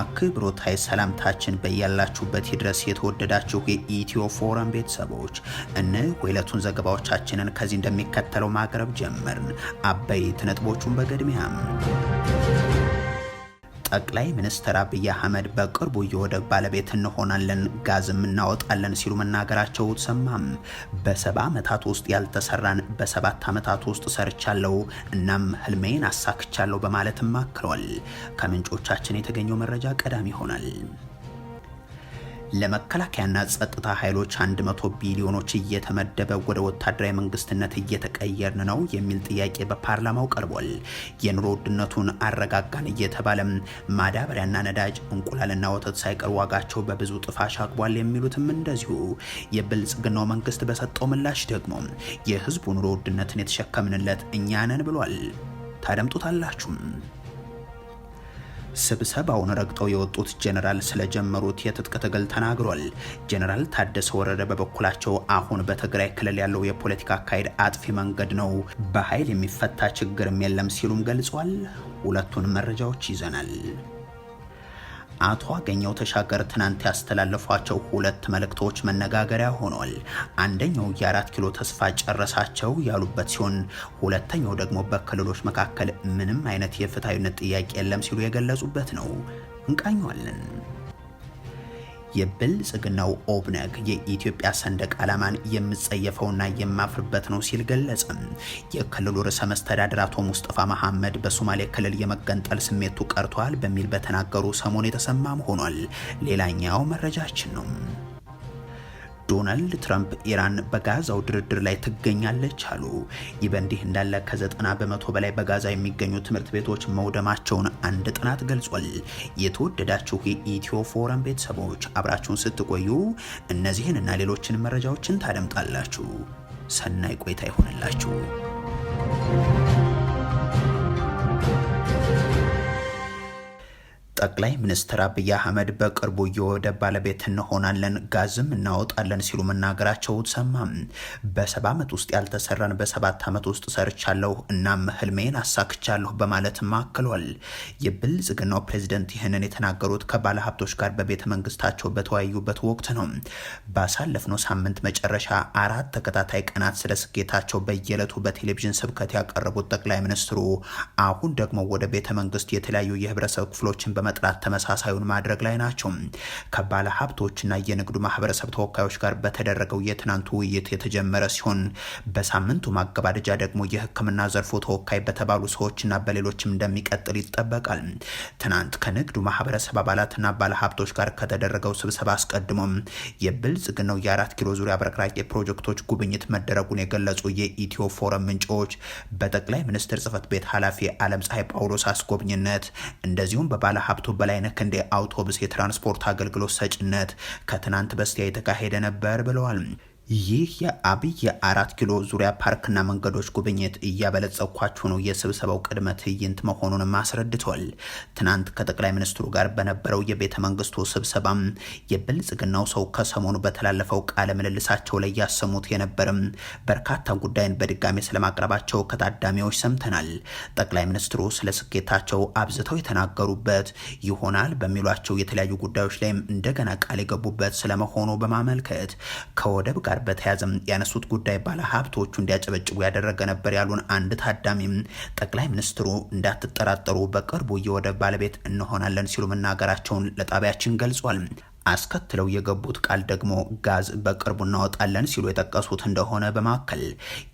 አክብሮታዊ ሰላምታችን በያላችሁበት ድረስ የተወደዳችሁ የኢትዮ ፎረም ቤተሰቦች እነ ሁለቱን ዘገባዎቻችንን ከዚህ እንደሚከተለው ማቅረብ ጀመርን። አበይት ነጥቦቹን በቅድሚያም ጠቅላይ ሚኒስትር አብይ አህመድ በቅርቡ የወደብ ባለቤት እንሆናለን፣ ጋዝም እናወጣለን ሲሉ መናገራቸው ሰማም። በሰባ ዓመታት ውስጥ ያልተሰራን በሰባት ዓመታት ውስጥ ሰርቻለሁ፣ እናም ህልሜን አሳክቻለሁ በማለትም አክሏል። ከምንጮቻችን የተገኘው መረጃ ቀዳሚ ይሆናል። ለመከላከያና ጸጥታ ኃይሎች 100 ቢሊዮኖች እየተመደበ ወደ ወታደራዊ መንግስትነት እየተቀየርን ነው የሚል ጥያቄ በፓርላማው ቀርቧል። የኑሮ ውድነቱን አረጋጋን እየተባለም ማዳበሪያና ነዳጅ፣ እንቁላልና ወተት ሳይቀር ዋጋቸው በብዙ ጥፋሽ አሻቅቧል የሚሉትም እንደዚሁ። የብልጽግናው መንግስት በሰጠው ምላሽ ደግሞ የህዝቡ ኑሮ ውድነትን የተሸከምንለት እኛ ነን ብሏል። ታደምጡታላችሁም። ስብሰባውን ረግጠው የወጡት ጀነራል ስለጀመሩት የትጥቅ ትግል ተናግሯል። ጀነራል ታደሰ ወረደ በበኩላቸው አሁን በትግራይ ክልል ያለው የፖለቲካ አካሄድ አጥፊ መንገድ ነው፣ በኃይል የሚፈታ ችግርም የለም ሲሉም ገልጿል። ሁለቱን መረጃዎች ይዘናል። አቶ አገኘው ተሻገር ትናንት ያስተላለፏቸው ሁለት መልእክቶች መነጋገሪያ ሆኗል። አንደኛው የአራት ኪሎ ተስፋ ጨረሳቸው ያሉበት ሲሆን ሁለተኛው ደግሞ በክልሎች መካከል ምንም አይነት የፍትሐዊነት ጥያቄ የለም ሲሉ የገለጹበት ነው። እንቃኘዋለን። የብልጽግናው ኦብነግ የኢትዮጵያ ሰንደቅ ዓላማን የምጸየፈውና የማፍርበት ነው ሲል ገለጸ። የክልሉ ርዕሰ መስተዳድር አቶ ሙስጠፋ መሐመድ በሶማሌ ክልል የመገንጠል ስሜቱ ቀርቷል በሚል በተናገሩ ሰሞን የተሰማም ሆኗል። ሌላኛው መረጃችን ነው። ዶናልድ ትራምፕ ኢራን በጋዛው ድርድር ላይ ትገኛለች አሉ። ይህ በእንዲህ እንዳለ ከዘጠና በመቶ በላይ በጋዛ የሚገኙ ትምህርት ቤቶች መውደማቸውን አንድ ጥናት ገልጿል። የተወደዳችሁ የኢትዮ ፎረም ቤተሰቦች አብራችሁን ስትቆዩ እነዚህን እና ሌሎችን መረጃዎችን ታደምጣላችሁ። ሰናይ ቆይታ ይሆንላችሁ። ጠቅላይ ሚኒስትር አብይ አህመድ በቅርቡ የወደብ ባለቤት እንሆናለን ጋዝም እናወጣለን ሲሉ መናገራቸው ሰማ። በሰባ ዓመት ውስጥ ያልተሰራን በሰባት ዓመት ውስጥ ሰርቻለሁ፣ እናም ህልሜን አሳክቻለሁ በማለትም አክሏል። የብልጽግናው ፕሬዚደንት ይህንን የተናገሩት ከባለ ሀብቶች ጋር በቤተ መንግስታቸው በተወያዩበት ወቅት ነው። ባሳለፍነው ሳምንት መጨረሻ አራት ተከታታይ ቀናት ስለ ስኬታቸው በየዕለቱ በቴሌቪዥን ስብከት ያቀረቡት ጠቅላይ ሚኒስትሩ አሁን ደግሞ ወደ ቤተ መንግስት የተለያዩ የህብረተሰብ ክፍሎችን በመጥራት ተመሳሳዩን ማድረግ ላይ ናቸው። ከባለ ሀብቶችና የንግዱ ማህበረሰብ ተወካዮች ጋር በተደረገው የትናንቱ ውይይት የተጀመረ ሲሆን በሳምንቱ ማገባደጃ ደግሞ የሕክምና ዘርፉ ተወካይ በተባሉ ሰዎችና በሌሎችም እንደሚቀጥል ይጠበቃል። ትናንት ከንግዱ ማህበረሰብ አባላትና ባለሀብቶች ጋር ከተደረገው ስብሰባ አስቀድሞም የብልጽግናው የአራት ኪሎ ዙሪያ አብረቅራቂ ፕሮጀክቶች ጉብኝት መደረጉን የገለጹ የኢትዮ ፎረም ምንጮች በጠቅላይ ሚኒስትር ጽህፈት ቤት ኃላፊ አለም ፀሐይ ጳውሎስ አስጎብኝነት እንደዚሁም በባለ አብቶ በላይነህ ክንዴ አውቶቡስ የትራንስፖርት አገልግሎት ሰጭነት ከትናንት በስቲያ የተካሄደ ነበር ብለዋል። ይህ የአብይ የአራት ኪሎ ዙሪያ ፓርክና መንገዶች ጉብኝት እያበለጸኳችሁ ነው የስብሰባው ቅድመ ትዕይንት መሆኑንም አስረድቷል። ትናንት ከጠቅላይ ሚኒስትሩ ጋር በነበረው የቤተ መንግስቱ ስብሰባም የብልጽግናው ሰው ከሰሞኑ በተላለፈው ቃለ ምልልሳቸው ላይ ያሰሙት የነበርም በርካታ ጉዳይን በድጋሚ ስለማቅረባቸው ከታዳሚዎች ሰምተናል። ጠቅላይ ሚኒስትሩ ስለ ስኬታቸው አብዝተው የተናገሩበት ይሆናል በሚሏቸው የተለያዩ ጉዳዮች ላይም እንደገና ቃል የገቡበት ስለመሆኑ በማመልከት ከወደብ ጋር ጋር በተያያዘም ያነሱት ጉዳይ ባለ ሀብቶቹ እንዲያጨበጭቡ ያደረገ ነበር ያሉን አንድ ታዳሚም ጠቅላይ ሚኒስትሩ እንዳትጠራጠሩ በቅርቡ የወደብ ባለቤት እንሆናለን ሲሉ መናገራቸውን ለጣቢያችን ገልጿል። አስከትለው የገቡት ቃል ደግሞ ጋዝ በቅርቡ እናወጣለን ሲሉ የጠቀሱት እንደሆነ በማከል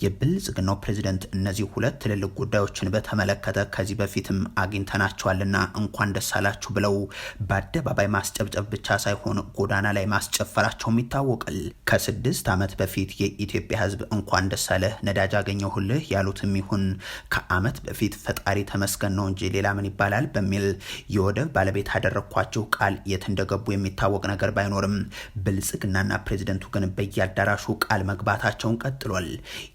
የብልጽግናው ፕሬዚደንት እነዚህ ሁለት ትልልቅ ጉዳዮችን በተመለከተ ከዚህ በፊትም አግኝተናቸዋልና እንኳን ደስ አላችሁ ብለው በአደባባይ ማስጨብጨብ ብቻ ሳይሆን ጎዳና ላይ ማስጨፈራቸውም ይታወቃል። ከስድስት ዓመት በፊት የኢትዮጵያ ሕዝብ እንኳን ደስ አለህ ነዳጅ አገኘሁልህ ያሉትም ይሁን ከዓመት በፊት ፈጣሪ ተመስገን ነው እንጂ ሌላ ምን ይባላል በሚል የወደብ ባለቤት ያደረግኳቸው ቃል የት እንደገቡ የሚታወቅ የሚታወቅ ነገር ባይኖርም ብልጽግናና ፕሬዚደንቱ ግን በየአዳራሹ ቃል መግባታቸውን ቀጥሏል።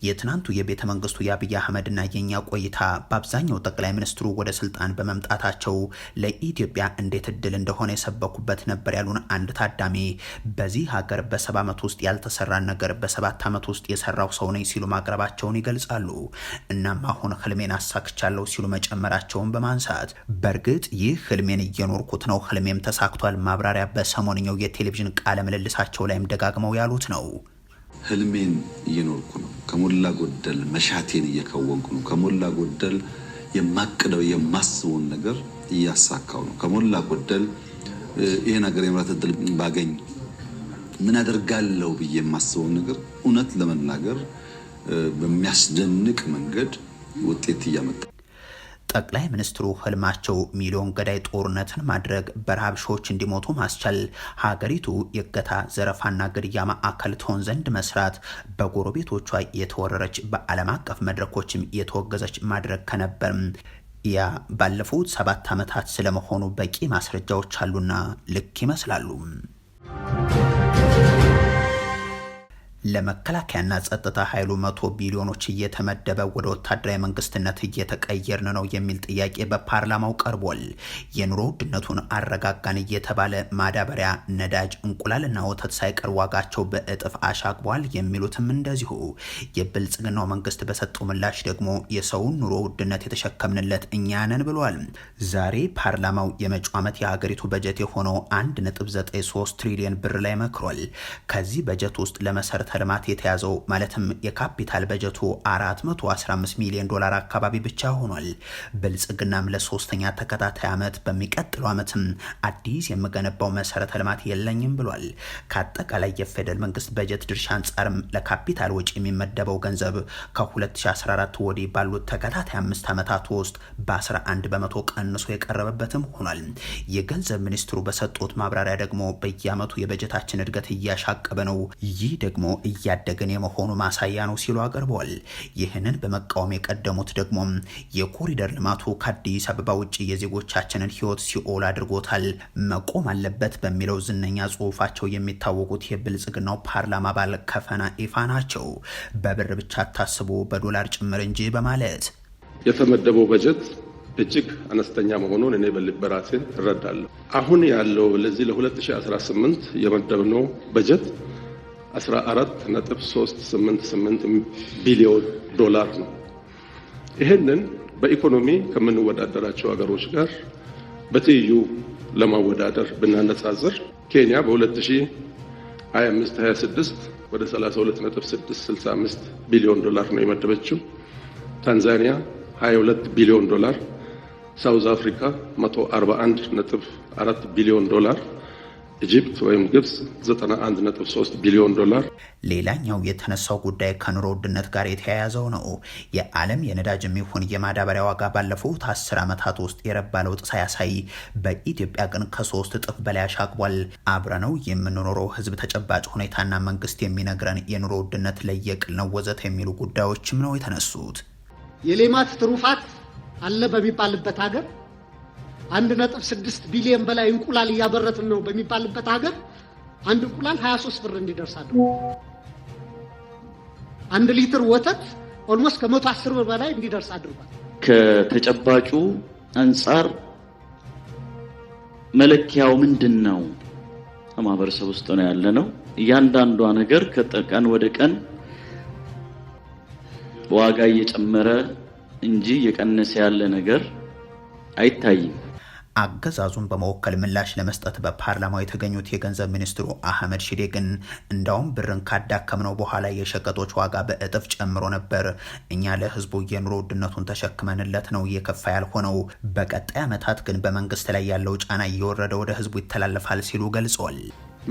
የትናንቱ የቤተ መንግስቱ የአብይ አህመድና የኛ ቆይታ በአብዛኛው ጠቅላይ ሚኒስትሩ ወደ ስልጣን በመምጣታቸው ለኢትዮጵያ እንዴት እድል እንደሆነ የሰበኩበት ነበር ያሉን አንድ ታዳሚ በዚህ ሀገር በሰባ ዓመት ውስጥ ያልተሰራን ነገር በሰባት ዓመት ውስጥ የሰራው ሰው ነኝ ሲሉ ማቅረባቸውን ይገልጻሉ። እናም አሁን ህልሜን አሳክቻለሁ ሲሉ መጨመራቸውን በማንሳት በእርግጥ ይህ ህልሜን እየኖርኩት ነው፣ ህልሜም ተሳክቷል ማብራሪያ በሰሞኑ በሰሞንኛው የቴሌቪዥን ቃለ ምልልሳቸው ላይም ደጋግመው ያሉት ነው። ህልሜን እየኖርኩ ነው፣ ከሞላ ጎደል መሻቴን እየከወንኩ ነው፣ ከሞላ ጎደል የማቅደው የማስበውን ነገር እያሳካው ነው፣ ከሞላ ጎደል ይሄ ነገር የምረት እድል ባገኝ ምን አደርጋለሁ ብዬ የማስበውን ነገር እውነት ለመናገር በሚያስደንቅ መንገድ ውጤት እያመጣ ጠቅላይ ሚኒስትሩ ህልማቸው ሚሊዮን ገዳይ ጦርነትን ማድረግ በረሃብ ሺዎች እንዲሞቱ ማስቻል፣ ሀገሪቱ የእገታ ዘረፋና ግድያ ማዕከል ትሆን ዘንድ መስራት፣ በጎረቤቶቿ የተወረረች በዓለም አቀፍ መድረኮችም የተወገዘች ማድረግ ከነበርም ያ ባለፉት ሰባት ዓመታት ስለመሆኑ በቂ ማስረጃዎች አሉና ልክ ይመስላሉ። ለመከላከያና ጸጥታ ኃይሉ መቶ ቢሊዮኖች እየተመደበ ወደ ወታደራዊ መንግስትነት እየተቀየርን ነው የሚል ጥያቄ በፓርላማው ቀርቧል። የኑሮ ውድነቱን አረጋጋን እየተባለ ማዳበሪያ፣ ነዳጅ፣ እንቁላልና ወተት ሳይቀር ዋጋቸው በእጥፍ አሻቅቧል የሚሉትም እንደዚሁ። የብልጽግናው መንግስት በሰጠው ምላሽ ደግሞ የሰውን ኑሮ ውድነት የተሸከምንለት እኛ ነን ብሏል። ዛሬ ፓርላማው የመጪው ዓመት የሀገሪቱ በጀት የሆነው 1.93 ትሪሊዮን ብር ላይ መክሯል። ከዚህ በጀት ውስጥ ለመሰረተ ከልማት የተያዘው ማለትም የካፒታል በጀቱ 415 ሚሊዮን ዶላር አካባቢ ብቻ ሆኗል። ብልጽግናም ለሶስተኛ ተከታታይ ዓመት በሚቀጥለው ዓመትም አዲስ የምገነባው መሰረተ ልማት የለኝም ብሏል። ከአጠቃላይ የፌደራል መንግስት በጀት ድርሻ አንጻርም ለካፒታል ወጪ የሚመደበው ገንዘብ ከ2014 ወዲህ ባሉት ተከታታይ አምስት ዓመታት ውስጥ በ11 በመቶ ቀንሶ የቀረበበትም ሆኗል። የገንዘብ ሚኒስትሩ በሰጡት ማብራሪያ ደግሞ በየዓመቱ የበጀታችን እድገት እያሻቀበ ነው። ይህ ደግሞ እያደግን የመሆኑ ማሳያ ነው ሲሉ አቅርቧል። ይህንን በመቃወም የቀደሙት ደግሞ የኮሪደር ልማቱ ከአዲስ አበባ ውጭ የዜጎቻችንን ህይወት ሲኦል አድርጎታል፣ መቆም አለበት በሚለው ዝነኛ ጽሁፋቸው የሚታወቁት የብልጽግናው ፓርላማ አባል ከፈና ኢፋ ናቸው። በብር ብቻ አታስቡ በዶላር ጭምር እንጂ በማለት የተመደበው በጀት እጅግ አነስተኛ መሆኑን እኔ በራሴ እረዳለሁ። አሁን ያለው ለዚህ ለ2018 የመደብነው በጀት 14.388 ቢሊዮን ዶላር ነው። ይህንን በኢኮኖሚ ከምንወዳደራቸው ሀገሮች ጋር በትይዩ ለማወዳደር ብናነጻጽር ኬንያ በ2025/26 ወደ 32.665 ቢሊዮን ዶላር ነው የመደበችው። ታንዛኒያ 22 ቢሊዮን ዶላር፣ ሳውዝ አፍሪካ 141.4 ቢሊዮን ዶላር ኢጅፕት ወይም ግብጽ 91.3 ቢሊዮን ዶላር። ሌላኛው የተነሳው ጉዳይ ከኑሮ ውድነት ጋር የተያያዘው ነው። የዓለም የነዳጅ የሚሆን የማዳበሪያ ዋጋ ባለፉት አስር ዓመታት ውስጥ የረባ ለውጥ ሳያሳይ በኢትዮጵያ ግን ከሶስት እጥፍ በላይ አሻቅቧል። አብረነው የምንኖረው ህዝብ ተጨባጭ ሁኔታና መንግስት የሚነግረን የኑሮ ውድነት ለየቅል ነው ወዘተ የሚሉ ጉዳዮችም ነው የተነሱት። የሌማት ትሩፋት አለ በሚባልበት ሀገር አንድ ነጥብ ስድስት ቢሊዮን በላይ እንቁላል እያበረትን ነው በሚባልበት ሀገር አንድ እንቁላል 23 ብር እንዲደርስ አንድ ሊትር ወተት ኦልሞስት ከመቶ አስር ብር በላይ እንዲደርስ አድርጓል። ከተጨባጩ አንጻር መለኪያው ምንድን ነው? ከማህበረሰብ ውስጥ ነው ያለ ነው። እያንዳንዷ ነገር ከቀን ወደ ቀን ዋጋ እየጨመረ እንጂ እየቀነሰ ያለ ነገር አይታይም። አገዛዙን በመወከል ምላሽ ለመስጠት በፓርላማው የተገኙት የገንዘብ ሚኒስትሩ አህመድ ሺዴ ግን እንዳውም ብርን ካዳከምነው በኋላ የሸቀጦች ዋጋ በእጥፍ ጨምሮ ነበር፣ እኛ ለህዝቡ የኑሮ ውድነቱን ተሸክመንለት ነው እየከፋ ያልሆነው፣ በቀጣይ ዓመታት ግን በመንግስት ላይ ያለው ጫና እየወረደ ወደ ህዝቡ ይተላለፋል ሲሉ ገልጿል።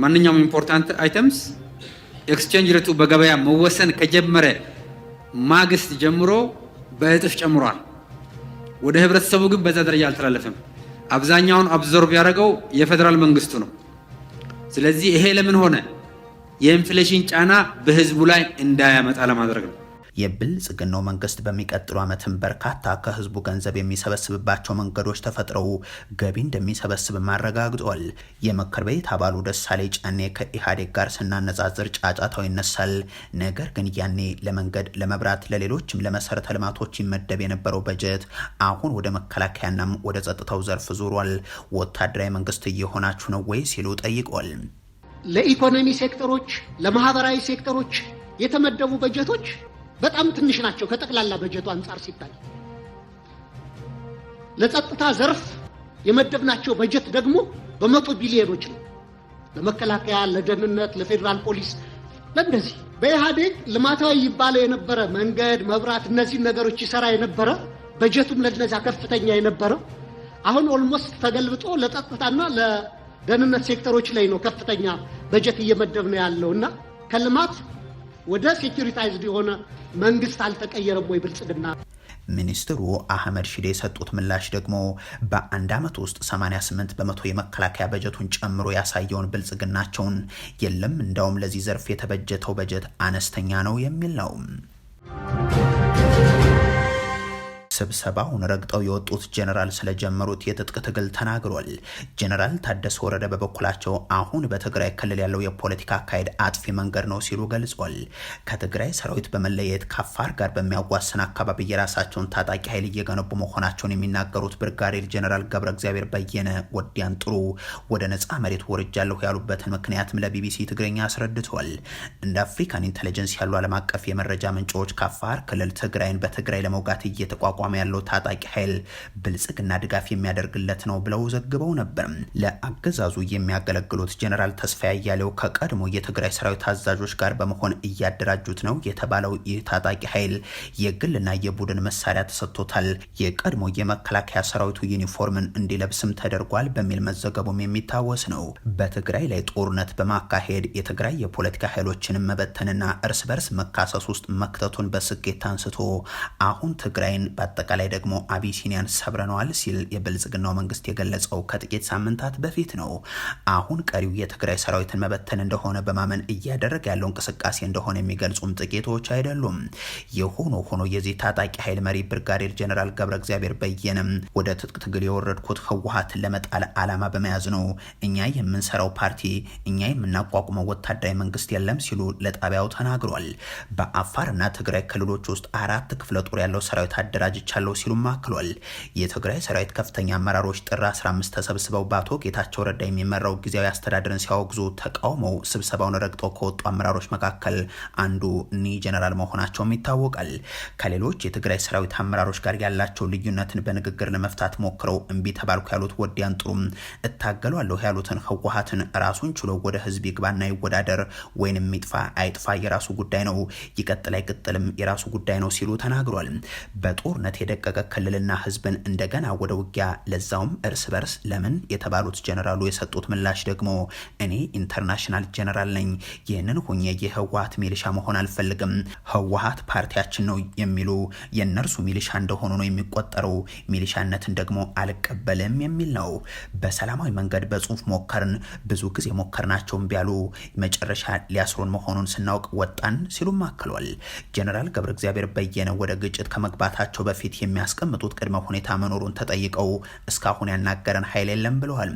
ማንኛውም ኢምፖርታንት አይተምስ ኤክስቼንጅ ሬቱ በገበያ መወሰን ከጀመረ ማግስት ጀምሮ በእጥፍ ጨምሯል። ወደ ህብረተሰቡ ግን በዛ ደረጃ አልተላለፈም። አብዛኛውን አብዞርብ ያደረገው የፌዴራል መንግስቱ ነው። ስለዚህ ይሄ ለምን ሆነ? የኢንፍሌሽን ጫና በህዝቡ ላይ እንዳያመጣ ለማድረግ ነው። የብልጽግናው መንግስት በሚቀጥሉ ዓመትም በርካታ ከህዝቡ ገንዘብ የሚሰበስብባቸው መንገዶች ተፈጥረው ገቢ እንደሚሰበስብ አረጋግጧል። የምክር ቤት አባሉ ደሳሌ ጫኔ ከኢህአዴግ ጋር ስናነጻጽር ጫጫታው ይነሳል። ነገር ግን ያኔ ለመንገድ፣ ለመብራት፣ ለሌሎችም ለመሰረተ ልማቶች ይመደብ የነበረው በጀት አሁን ወደ መከላከያናም ወደ ጸጥታው ዘርፍ ዞሯል። ወታደራዊ መንግስት እየሆናችሁ ነው ወይ ሲሉ ጠይቋል። ለኢኮኖሚ ሴክተሮች፣ ለማህበራዊ ሴክተሮች የተመደቡ በጀቶች በጣም ትንሽ ናቸው ከጠቅላላ በጀቱ አንጻር ሲታይ። ለጸጥታ ዘርፍ የመደብናቸው በጀት ደግሞ በመቶ ቢሊዮኖች ነው። ለመከላከያ፣ ለደህንነት፣ ለፌዴራል ፖሊስ ለእንደዚህ በኢህአዴግ ልማታዊ ይባለው የነበረ መንገድ፣ መብራት፣ እነዚህን ነገሮች ይሰራ የነበረ በጀቱም ለነዛ ከፍተኛ የነበረ አሁን ኦልሞስት ተገልብጦ ለጸጥታና ለደህንነት ሴክተሮች ላይ ነው ከፍተኛ በጀት እየመደብ ነው ያለው እና ከልማት ወደ ሴኪሪታይዝድ የሆነ መንግስት አልተቀየረም ወይ ብልጽግና? ሚኒስትሩ አህመድ ሺዴ የሰጡት ምላሽ ደግሞ በአንድ ዓመት ውስጥ 88 በመቶ የመከላከያ በጀቱን ጨምሮ ያሳየውን ብልጽግናቸውን የለም፣ እንዳውም ለዚህ ዘርፍ የተበጀተው በጀት አነስተኛ ነው የሚል ነው። ስብሰባውን ረግጠው የወጡት ጀነራል ስለጀመሩት የትጥቅ ትግል ተናግሯል። ጀነራል ታደሰ ወረደ በበኩላቸው አሁን በትግራይ ክልል ያለው የፖለቲካ አካሄድ አጥፊ መንገድ ነው ሲሉ ገልጿል። ከትግራይ ሰራዊት በመለየት ከአፋር ጋር በሚያዋስን አካባቢ የራሳቸውን ታጣቂ ኃይል እየገነቡ መሆናቸውን የሚናገሩት ብርጋዴር ጀነራል ገብረ እግዚአብሔር በየነ ወዲያን ጥሩ ወደ ነጻ መሬት ወርጃለሁ ያሉበትን ምክንያትም ለቢቢሲ ትግረኛ አስረድቷል። እንደ አፍሪካን ኢንቴሊጀንስ ያሉ ዓለም አቀፍ የመረጃ ምንጮች ከአፋር ክልል ትግራይን በትግራይ ለመውጋት እየተቋቋ አቋም ያለው ታጣቂ ኃይል ብልጽግና ድጋፍ የሚያደርግለት ነው ብለው ዘግበው ነበር። ለአገዛዙ የሚያገለግሉት ጀኔራል ተስፋ ያያሌው ከቀድሞ የትግራይ ሰራዊት አዛዦች ጋር በመሆን እያደራጁት ነው የተባለው ይህ ታጣቂ ኃይል የግልና የቡድን መሳሪያ ተሰጥቶታል። የቀድሞ የመከላከያ ሰራዊቱ ዩኒፎርምን እንዲለብስም ተደርጓል በሚል መዘገቡም የሚታወስ ነው። በትግራይ ላይ ጦርነት በማካሄድ የትግራይ የፖለቲካ ኃይሎችንም መበተንና እርስ በርስ መካሰስ ውስጥ መክተቱን በስኬት አንስቶ አሁን ትግራይን በአጠቃላይ ደግሞ አቢሲኒያን ሰብረነዋል ሲል የብልጽግናው መንግስት የገለጸው ከጥቂት ሳምንታት በፊት ነው። አሁን ቀሪው የትግራይ ሰራዊትን መበተን እንደሆነ በማመን እያደረገ ያለው እንቅስቃሴ እንደሆነ የሚገልጹም ጥቂቶች አይደሉም። የሆኖ ሆኖ የዚህ ታጣቂ ኃይል መሪ ብርጋዴር ጀኔራል ገብረ እግዚአብሔር በየነም ወደ ትጥቅ ትግል የወረድኩት ህወሀትን ለመጣል አላማ በመያዝ ነው፣ እኛ የምንሰራው ፓርቲ፣ እኛ የምናቋቁመው ወታደራዊ መንግስት የለም ሲሉ ለጣቢያው ተናግሯል። በአፋርና ትግራይ ክልሎች ውስጥ አራት ክፍለ ጦር ያለው ሰራዊት አደራጅ ተቀዳጅቻለሁ ሲሉም አክሏል። የትግራይ ሰራዊት ከፍተኛ አመራሮች ጥር 15 ተሰብስበው በአቶ ጌታቸው ረዳ የሚመራው ጊዜያዊ አስተዳደርን ሲያወግዙ ተቃውመው ስብሰባውን ረግጠው ከወጡ አመራሮች መካከል አንዱ ኒ ጀነራል መሆናቸውም ይታወቃል። ከሌሎች የትግራይ ሰራዊት አመራሮች ጋር ያላቸው ልዩነትን በንግግር ለመፍታት ሞክረው እምቢ ተባልኩ ያሉት ወዲያን ጥሩም እታገሏለሁ ያሉትን ህወሀትን ራሱን ችሎ ወደ ህዝብ ይግባና ይወዳደር ወይንም ይጥፋ አይጥፋ የራሱ ጉዳይ ነው፣ ይቀጥል አይቀጥልም የራሱ ጉዳይ ነው ሲሉ ተናግሯል። በጦርነት በጦርነት የደቀቀ ክልልና ህዝብን እንደገና ወደ ውጊያ ለዛውም እርስ በርስ ለምን የተባሉት ጀነራሉ የሰጡት ምላሽ ደግሞ እኔ ኢንተርናሽናል ጀነራል ነኝ፣ ይህንን ሁኜ የህወሀት ሚሊሻ መሆን አልፈልግም፣ ህወሀት ፓርቲያችን ነው የሚሉ የእነርሱ ሚሊሻ እንደሆኑ ነው የሚቆጠረው፣ ሚሊሻነትን ደግሞ አልቀበልም የሚል ነው። በሰላማዊ መንገድ በጽሁፍ ሞከርን፣ ብዙ ጊዜ ሞከርናቸውም ቢያሉ መጨረሻ ሊያስሩን መሆኑን ስናውቅ ወጣን ሲሉም አክሏል። ጀነራል ገብረ እግዚአብሔር በየነ ወደ ግጭት ከመግባታቸው በፊት በፊት የሚያስቀምጡት ቅድመ ሁኔታ መኖሩን ተጠይቀው እስካሁን ያናገረን ኃይል የለም ብለዋል።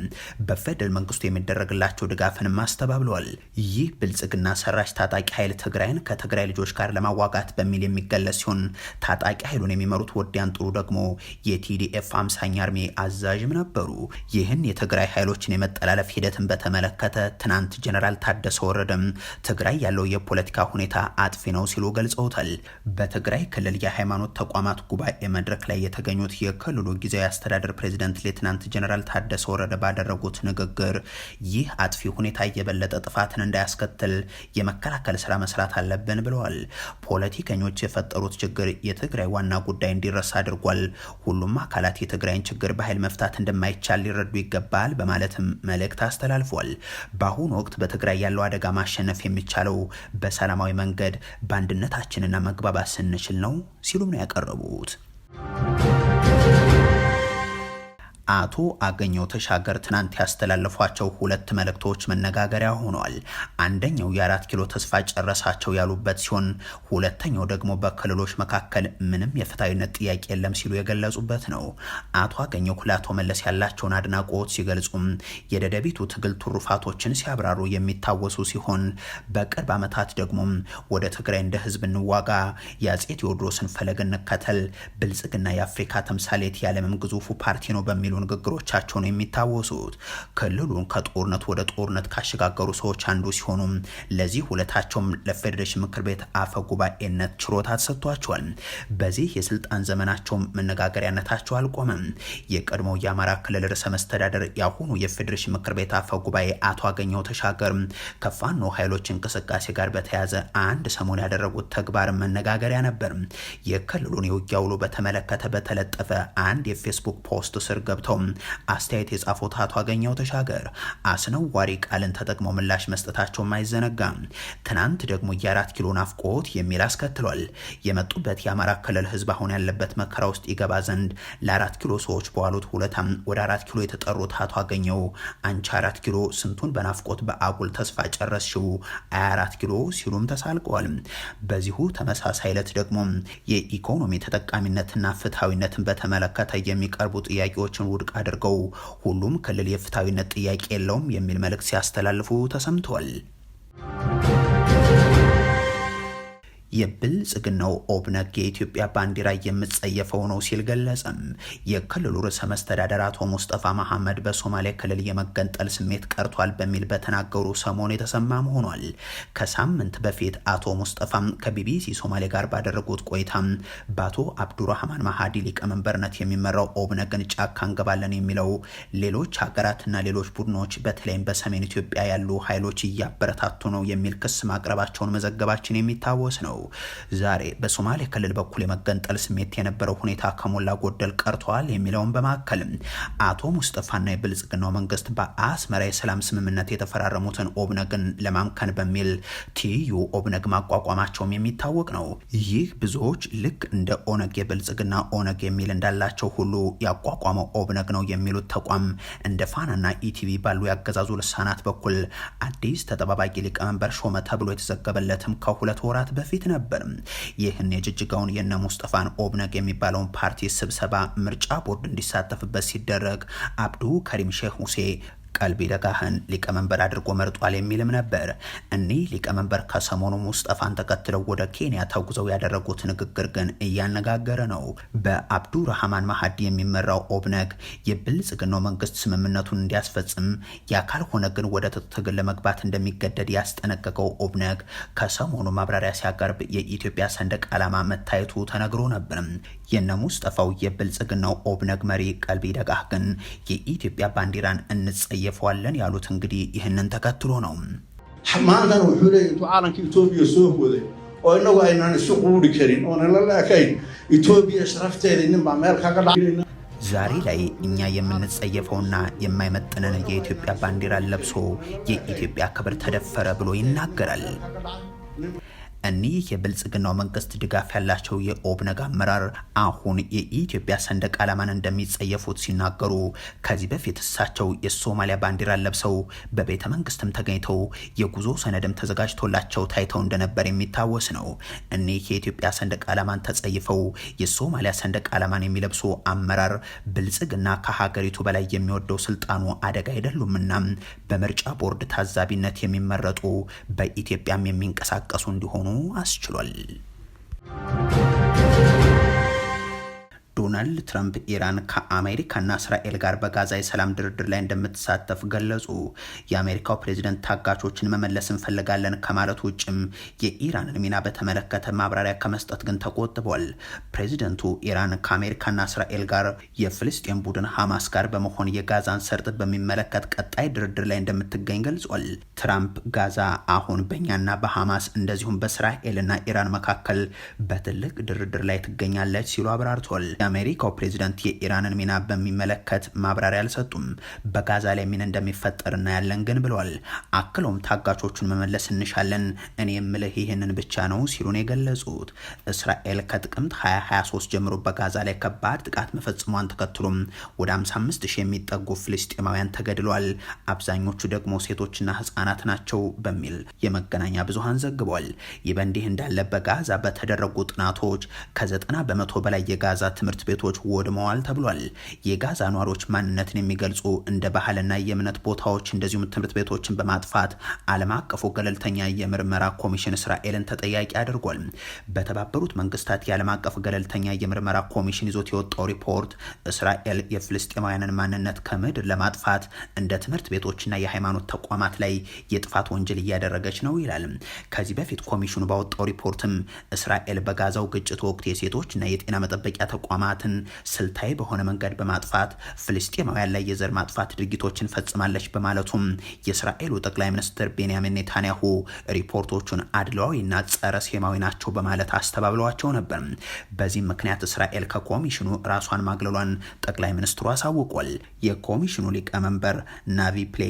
በፌደራል መንግስቱ የሚደረግላቸው ድጋፍንም አስተባብለዋል። ይህ ብልጽግና ሰራሽ ታጣቂ ኃይል ትግራይን ከትግራይ ልጆች ጋር ለማዋጋት በሚል የሚገለጽ ሲሆን ታጣቂ ኃይሉን የሚመሩት ወዲያን ጥሩ ደግሞ የቲዲኤፍ አምሳኛ አርሜ አዛዥም ነበሩ። ይህን የትግራይ ኃይሎችን የመጠላለፍ ሂደትን በተመለከተ ትናንት ጀኔራል ታደሰ ወረደም ትግራይ ያለው የፖለቲካ ሁኔታ አጥፊ ነው ሲሉ ገልጸውታል። በትግራይ ክልል የሃይማኖት ተቋማት ጉባኤ መድረክ ላይ የተገኙት የክልሉ ጊዜያዊ አስተዳደር ፕሬዚደንት ሌትናንት ጀነራል ታደሰ ወረደ ባደረጉት ንግግር ይህ አጥፊ ሁኔታ የበለጠ ጥፋትን እንዳያስከትል የመከላከል ስራ መስራት አለብን ብለዋል። ፖለቲከኞች የፈጠሩት ችግር የትግራይ ዋና ጉዳይ እንዲረሳ አድርጓል። ሁሉም አካላት የትግራይን ችግር በኃይል መፍታት እንደማይቻል ሊረዱ ይገባል በማለትም መልእክት አስተላልፏል። በአሁኑ ወቅት በትግራይ ያለው አደጋ ማሸነፍ የሚቻለው በሰላማዊ መንገድ በአንድነታችንና መግባባት ስንችል ነው ሲሉም ነው ያቀረቡት። 了。አቶ አገኘው ተሻገር ትናንት ያስተላለፏቸው ሁለት መልእክቶች መነጋገሪያ ሆኗል። አንደኛው የአራት ኪሎ ተስፋ ጨረሳቸው ያሉበት ሲሆን ሁለተኛው ደግሞ በክልሎች መካከል ምንም የፍትሐዊነት ጥያቄ የለም ሲሉ የገለጹበት ነው። አቶ አገኘው ለአቶ መለስ ያላቸውን አድናቆት ሲገልጹም የደደቢቱ ትግል ትሩፋቶችን ሲያብራሩ የሚታወሱ ሲሆን በቅርብ ዓመታት ደግሞ ወደ ትግራይ እንደ ህዝብ እንዋጋ፣ የአጼ ቴዎድሮስን ፈለግ እንከተል፣ ብልጽግና የአፍሪካ ተምሳሌት የዓለምም ግዙፉ ፓርቲ ነው በሚሉ ንግግሮቻቸው ነው የሚታወሱት። ክልሉን ከጦርነት ወደ ጦርነት ካሸጋገሩ ሰዎች አንዱ ሲሆኑ ለዚህ ሁለታቸውም ለፌዴሬሽን ምክር ቤት አፈ ጉባኤነት ችሮታ ተሰጥቷቸዋል። በዚህ የስልጣን ዘመናቸው መነጋገሪያነታቸው አልቆመም። የቀድሞው የአማራ ክልል ርዕሰ መስተዳደር ያሁኑ የፌዴሬሽን ምክር ቤት አፈ ጉባኤ አቶ አገኘው ተሻገር ከፋኖ ኃይሎች እንቅስቃሴ ጋር በተያያዘ አንድ ሰሞን ያደረጉት ተግባር መነጋገሪያ ነበር። የክልሉን የውጊያ ውሎ በተመለከተ በተለጠፈ አንድ የፌስቡክ ፖስት ስር ገብተው አስመልክቶም አስተያየት የጻፉት አቶ አገኘው ተሻገር አስነዋሪ ቃልን ተጠቅሞ ምላሽ መስጠታቸውም አይዘነጋም። ትናንት ደግሞ የአራት ኪሎ ናፍቆት የሚል አስከትሏል። የመጡበት የአማራ ክልል ህዝብ አሁን ያለበት መከራ ውስጥ ይገባ ዘንድ ለአራት ኪሎ ሰዎች በዋሉት ሁለታም ወደ አራት ኪሎ የተጠሩት አቶ አገኘው አንቺ አራት ኪሎ ስንቱን በናፍቆት በአጉል ተስፋ ጨረስሽው አራት ኪሎ ሲሉም ተሳልቀዋል። በዚሁ ተመሳሳይ ዕለት ደግሞ የኢኮኖሚ ተጠቃሚነትና ፍትሐዊነትን በተመለከተ የሚቀርቡ ጥያቄዎችን ውድቅ አድርገው ሁሉም ክልል የፍትሐዊነት ጥያቄ የለውም የሚል መልእክት ሲያስተላልፉ ተሰምተዋል። የብልጽግናው ኦብነግ የኢትዮጵያ ባንዲራ የምጸየፈው ነው ሲል ገለጸም። የክልሉ ርዕሰ መስተዳደር አቶ ሙስጠፋ መሐመድ በሶማሌ ክልል የመገንጠል ስሜት ቀርቷል በሚል በተናገሩ ሰሞኑ የተሰማም ሆኗል። ከሳምንት በፊት አቶ ሙስጠፋ ከቢቢሲ ሶማሌ ጋር ባደረጉት ቆይታ በአቶ አብዱራህማን ማሃዲ ሊቀመንበርነት የሚመራው ኦብነግን ጫካ እንገባለን የሚለው ሌሎች ሀገራትና ሌሎች ቡድኖች በተለይም በሰሜን ኢትዮጵያ ያሉ ኃይሎች እያበረታቱ ነው የሚል ክስ ማቅረባቸውን መዘገባችን የሚታወስ ነው። ነው። ዛሬ በሶማሌ ክልል በኩል የመገንጠል ስሜት የነበረው ሁኔታ ከሞላ ጎደል ቀርቷል የሚለውን በማከል አቶ ሙስጠፋና የብልጽግናው መንግስት በአስመራ የሰላም ስምምነት የተፈራረሙትን ኦብነግን ለማምከን በሚል ትይዩ ኦብነግ ማቋቋማቸውም የሚታወቅ ነው። ይህ ብዙዎች ልክ እንደ ኦነግ የብልጽግና ኦነግ የሚል እንዳላቸው ሁሉ ያቋቋመው ኦብነግ ነው የሚሉት ተቋም እንደ ፋናና ኢቲቪ ባሉ ያገዛዙ ልሳናት በኩል አዲስ ተጠባባቂ ሊቀመንበር ሾመ ተብሎ የተዘገበለትም ከሁለት ወራት በፊት ነበር። ይህን የጅጅጋውን የነ ሙስጠፋን ኦብነግ የሚባለውን ፓርቲ ስብሰባ ምርጫ ቦርድ እንዲሳተፍበት ሲደረግ አብዱ ከሪም ሼክ ሁሴ ቀልቢ ደጋህን ሊቀመንበር አድርጎ መርጧል የሚልም ነበር። እኒህ ሊቀመንበር ከሰሞኑ ሙስጠፋን ተከትለው ወደ ኬንያ ተጉዘው ያደረጉት ንግግር ግን እያነጋገረ ነው። በአብዱራህማን ማሀዲ የሚመራው ኦብነግ የብልጽግናው መንግስት ስምምነቱን እንዲያስፈጽም ያ ካልሆነ ግን ወደ ትግል ለመግባት እንደሚገደድ ያስጠነቀቀው ኦብነግ ከሰሞኑ ማብራሪያ ሲያቀርብ የኢትዮጵያ ሰንደቅ ዓላማ መታየቱ ተነግሮ ነበር። የነ ሙስጠፋው የብልጽግናው ኦብነግ መሪ ቀልቢ ደጋህ ግን የኢትዮጵያ ባንዲራን እንጸ እንጠየፈዋለን ያሉት እንግዲህ ይህንን ተከትሎ ነው። ማንታን ው ለ ዓለምከ ኢትዮጵያ ሶህ ወደ inagu aynan isu quudi karin oonan la laakayn ኢትዮጵያ sharafteeda ninbaa meel kaga ዛሬ ላይ እኛ የምንጸየፈውና የማይመጥነን የኢትዮጵያ ባንዲራ ለብሶ የኢትዮጵያ ክብር ተደፈረ ብሎ ይናገራል። እኒህ የብልጽግናው መንግስት ድጋፍ ያላቸው የኦብነግ አመራር አሁን የኢትዮጵያ ሰንደቅ ዓላማን እንደሚጸየፉት ሲናገሩ ከዚህ በፊት እሳቸው የሶማሊያ ባንዲራ ለብሰው በቤተ መንግስትም ተገኝተው የጉዞ ሰነድም ተዘጋጅቶላቸው ታይተው እንደነበር የሚታወስ ነው። እኒህ የኢትዮጵያ ሰንደቅ ዓላማን ተጸይፈው የሶማሊያ ሰንደቅ ዓላማን የሚለብሱ አመራር ብልጽግና ከሀገሪቱ በላይ የሚወደው ስልጣኑ አደጋ አይደሉምና በምርጫ ቦርድ ታዛቢነት የሚመረጡ በኢትዮጵያም የሚንቀሳቀሱ እንዲሆኑ እንዲሆኑ አስችሏል። ዶናልድ ትራምፕ ኢራን ከአሜሪካና እስራኤል ጋር በጋዛ የሰላም ድርድር ላይ እንደምትሳተፍ ገለጹ። የአሜሪካው ፕሬዚደንት ታጋቾችን መመለስ እንፈልጋለን ከማለት ውጭም የኢራንን ሚና በተመለከተ ማብራሪያ ከመስጠት ግን ተቆጥቧል። ፕሬዚደንቱ ኢራን ከአሜሪካና እስራኤል ጋር የፍልስጤን ቡድን ሐማስ ጋር በመሆን የጋዛን ሰርጥ በሚመለከት ቀጣይ ድርድር ላይ እንደምትገኝ ገልጿል። ትራምፕ ጋዛ አሁን በእኛና በሐማስ እንደዚሁም በእስራኤልና ኢራን መካከል በትልቅ ድርድር ላይ ትገኛለች ሲሉ አብራርቷል። የአሜሪካው ፕሬዚደንት የኢራንን ሚና በሚመለከት ማብራሪያ አልሰጡም። በጋዛ ላይ ሚን እንደሚፈጠር እናያለን ግን ብለዋል። አክሎም ታጋቾቹን መመለስ እንሻለን፣ እኔ የምልህ ይህንን ብቻ ነው ሲሉን የገለጹት እስራኤል ከጥቅምት 2023 ጀምሮ በጋዛ ላይ ከባድ ጥቃት መፈጽሟን ተከትሎም ወደ 55 ሺህ የሚጠጉ ፍልስጤማውያን ተገድሏል። አብዛኞቹ ደግሞ ሴቶችና ህጻናት ናቸው በሚል የመገናኛ ብዙሃን ዘግቧል። ይህ በእንዲህ እንዳለ በጋዛ በተደረጉ ጥናቶች ከዘጠና በመቶ በላይ የጋዛ ትምህርት ትምህርት ቤቶች ወድመዋል ተብሏል። የጋዛ ኗሪዎች ማንነትን የሚገልጹ እንደ ባህልና የእምነት ቦታዎች እንደዚሁም ትምህርት ቤቶችን በማጥፋት ዓለም አቀፉ ገለልተኛ የምርመራ ኮሚሽን እስራኤልን ተጠያቂ አድርጓል። በተባበሩት መንግስታት የዓለም አቀፍ ገለልተኛ የምርመራ ኮሚሽን ይዞት የወጣው ሪፖርት እስራኤል የፍልስጤማውያንን ማንነት ከምድር ለማጥፋት እንደ ትምህርት ቤቶችና የሃይማኖት ተቋማት ላይ የጥፋት ወንጀል እያደረገች ነው ይላል። ከዚህ በፊት ኮሚሽኑ ባወጣው ሪፖርትም እስራኤል በጋዛው ግጭት ወቅት የሴቶችና የጤና መጠበቂያ ተቋማት ተቋማትን ስልታዊ በሆነ መንገድ በማጥፋት ፍልስጤማውያን ላይ የዘር ማጥፋት ድርጊቶችን ፈጽማለች በማለቱም የእስራኤሉ ጠቅላይ ሚኒስትር ቤንያሚን ኔታንያሁ ሪፖርቶቹን አድሏዊና ጸረ ሴማዊ ናቸው በማለት አስተባብለዋቸው ነበር። በዚህም ምክንያት እስራኤል ከኮሚሽኑ ራሷን ማግለሏን ጠቅላይ ሚኒስትሩ አሳውቋል። የኮሚሽኑ ሊቀመንበር ናቪ ፕሌ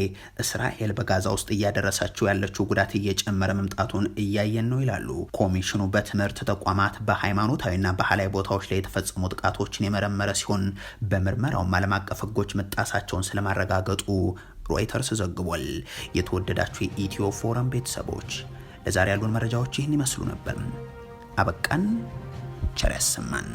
እስራኤል በጋዛ ውስጥ እያደረሰችው ያለችው ጉዳት እየጨመረ መምጣቱን እያየን ነው ይላሉ። ኮሚሽኑ በትምህርት ተቋማት፣ በሃይማኖታዊና ባህላዊ ቦታዎች ላይ የተፈጸሙ ጥቃ ጥቃቶችን የመረመረ ሲሆን በምርመራውም ዓለም አቀፍ ህጎች መጣሳቸውን ስለማረጋገጡ ሮይተርስ ዘግቧል። የተወደዳችሁ የኢትዮ ፎረም ቤተሰቦች ለዛሬ ያሉን መረጃዎች ይህን ይመስሉ ነበር። አበቃን። ቸር ያሰማን።